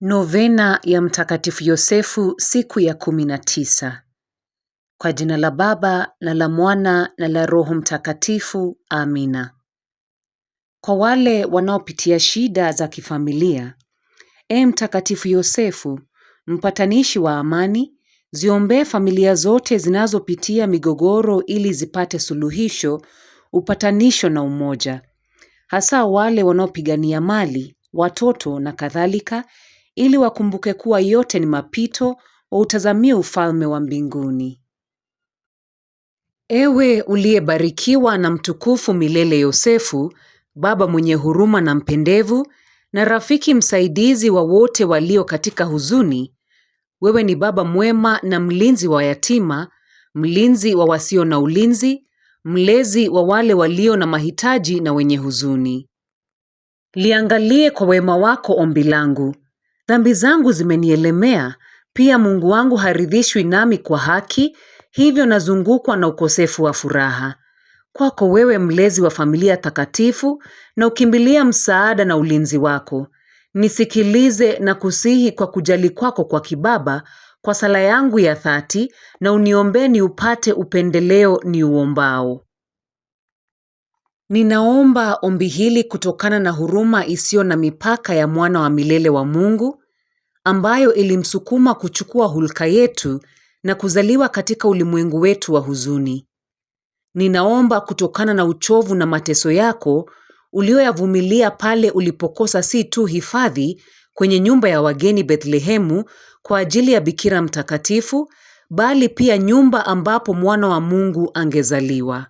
Novena ya Mtakatifu Yosefu, siku ya kumi na tisa. Kwa jina la Baba na la Mwana na la Roho Mtakatifu, amina. Kwa wale wanaopitia shida za kifamilia, e Mtakatifu Yosefu, mpatanishi wa amani, ziombee familia zote zinazopitia migogoro ili zipate suluhisho, upatanisho na umoja, hasa wale wanaopigania mali, watoto na kadhalika ili wakumbuke kuwa yote ni mapito, wautazamie ufalme wa mbinguni. Ewe uliyebarikiwa na mtukufu milele Yosefu, baba mwenye huruma na mpendevu, na rafiki msaidizi wa wote walio katika huzuni, wewe ni baba mwema na mlinzi wa yatima, mlinzi wa wasio na ulinzi, mlezi wa wale walio na mahitaji na wenye huzuni. Liangalie kwa wema wako ombi langu, Dhambi zangu zimenielemea, pia Mungu wangu haridhishwi nami kwa haki, hivyo nazungukwa na ukosefu wa furaha. Kwako wewe mlezi wa familia takatifu, na ukimbilia msaada na ulinzi wako. Nisikilize na kusihi kwa kujali kwako kwa kibaba, kwa sala yangu ya dhati, na uniombee niupate upendeleo niuombao. Ninaomba ombi hili kutokana na huruma isiyo na mipaka ya Mwana wa milele wa Mungu, ambayo ilimsukuma kuchukua hulka yetu na kuzaliwa katika ulimwengu wetu wa huzuni. Ninaomba kutokana na uchovu na mateso yako uliyoyavumilia pale ulipokosa si tu hifadhi kwenye nyumba ya wageni Bethlehemu kwa ajili ya Bikira mtakatifu, bali pia nyumba ambapo Mwana wa Mungu angezaliwa.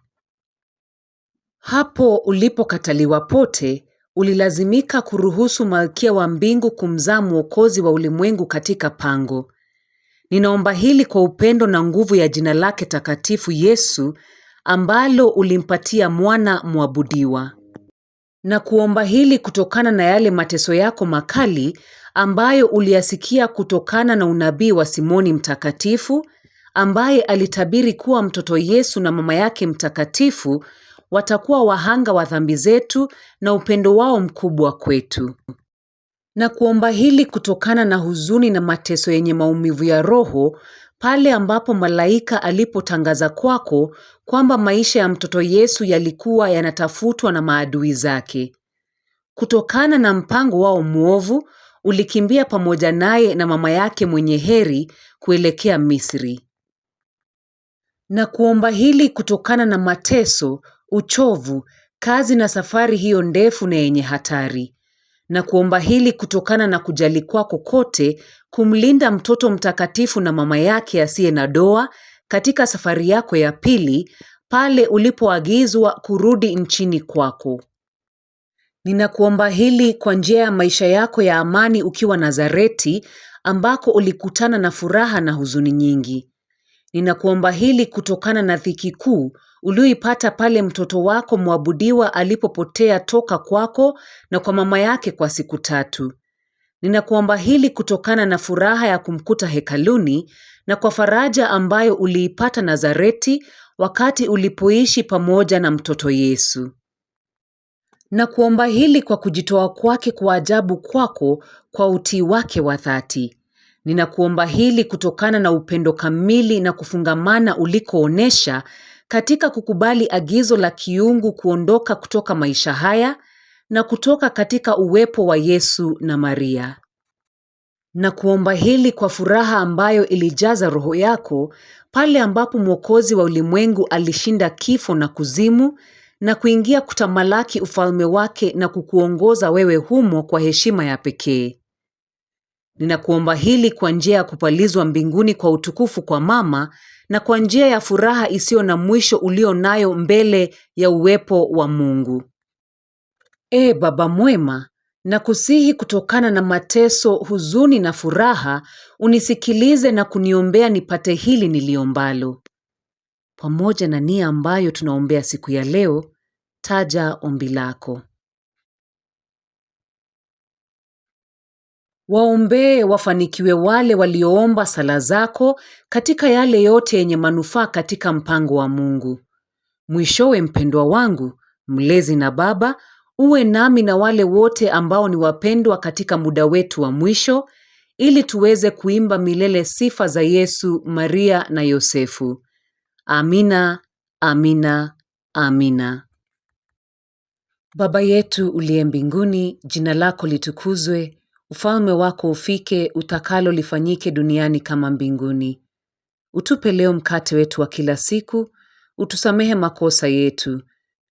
Hapo ulipokataliwa pote, ulilazimika kuruhusu Malkia wa Mbingu kumzaa Mwokozi wa ulimwengu katika pango. Ninaomba hili kwa upendo na nguvu ya jina lake takatifu Yesu ambalo ulimpatia mwana mwabudiwa. Na kuomba hili kutokana na yale mateso yako makali ambayo uliyasikia kutokana na unabii wa Simoni Mtakatifu ambaye alitabiri kuwa mtoto Yesu na mama yake mtakatifu watakuwa wahanga wa dhambi zetu na upendo wao mkubwa kwetu. Na kuomba hili kutokana na huzuni na mateso yenye maumivu ya roho pale ambapo malaika alipotangaza kwako kwamba maisha ya mtoto Yesu yalikuwa yanatafutwa na maadui zake. Kutokana na mpango wao mwovu, ulikimbia pamoja naye na mama yake mwenye heri kuelekea Misri. Na kuomba hili kutokana na mateso uchovu, kazi na safari hiyo ndefu na yenye hatari. Na kuomba hili kutokana na kujali kwako kote kumlinda mtoto mtakatifu na mama yake asiye na doa katika safari yako ya pili pale ulipoagizwa kurudi nchini kwako. Ninakuomba hili kwa njia ya maisha yako ya amani ukiwa Nazareti ambako ulikutana na furaha na huzuni nyingi. Ninakuomba hili kutokana na dhiki kuu ulioipata pale mtoto wako mwabudiwa alipopotea toka kwako na kwa mama yake kwa siku tatu. Ninakuomba hili kutokana na furaha ya kumkuta hekaluni na kwa faraja ambayo uliipata Nazareti wakati ulipoishi pamoja na mtoto Yesu. Na kuomba hili kwa kujitoa kwake kwa ajabu kwako kwa utii wake wa dhati. Ninakuomba hili kutokana na upendo kamili na kufungamana ulikoonesha katika kukubali agizo la kiungu kuondoka kutoka maisha haya na kutoka katika uwepo wa Yesu na Maria. Na kuomba hili kwa furaha ambayo ilijaza roho yako pale ambapo Mwokozi wa ulimwengu alishinda kifo na kuzimu na kuingia kutamalaki ufalme wake na kukuongoza wewe humo kwa heshima ya pekee. Ninakuomba hili kwa njia ya kupalizwa mbinguni kwa utukufu kwa mama na kwa njia ya furaha isiyo na mwisho ulio nayo mbele ya uwepo wa Mungu. E Baba mwema, nakusihi kutokana na mateso, huzuni na furaha, unisikilize na kuniombea nipate hili niliombalo. Pamoja na nia ambayo tunaombea siku ya leo, taja ombi lako. Waombee wafanikiwe wale walioomba sala zako katika yale yote yenye manufaa katika mpango wa Mungu. Mwishowe, mpendwa wangu, mlezi na baba, uwe nami na wale wote ambao ni wapendwa katika muda wetu wa mwisho ili tuweze kuimba milele sifa za Yesu, Maria na Yosefu. Amina, amina, amina. Baba yetu uliye mbinguni, jina lako litukuzwe Ufalme wako ufike, utakalo lifanyike duniani kama mbinguni. Utupe leo mkate wetu wa kila siku, utusamehe makosa yetu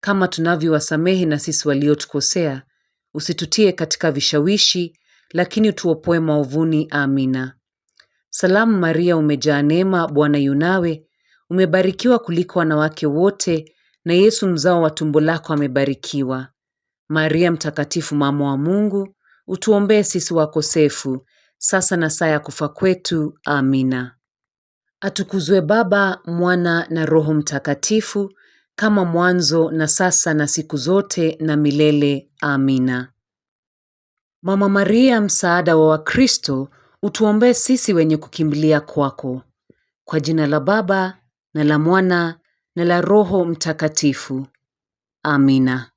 kama tunavyowasamehe na sisi waliotukosea, usitutie katika vishawishi, lakini utuopoe maovuni. Amina. Salamu Maria, umejaa neema, Bwana yunawe umebarikiwa kuliko wanawake wote, na Yesu mzao wa tumbo lako amebarikiwa. Maria mtakatifu, mama wa Mungu, Utuombee sisi wakosefu, sasa na saa ya kufa kwetu. Amina. Atukuzwe Baba, Mwana na Roho Mtakatifu, kama mwanzo na sasa na siku zote na milele. Amina. Mama Maria, msaada wa Wakristo, utuombee sisi wenye kukimbilia kwako. Kwa jina la Baba na la Mwana na la Roho Mtakatifu. Amina.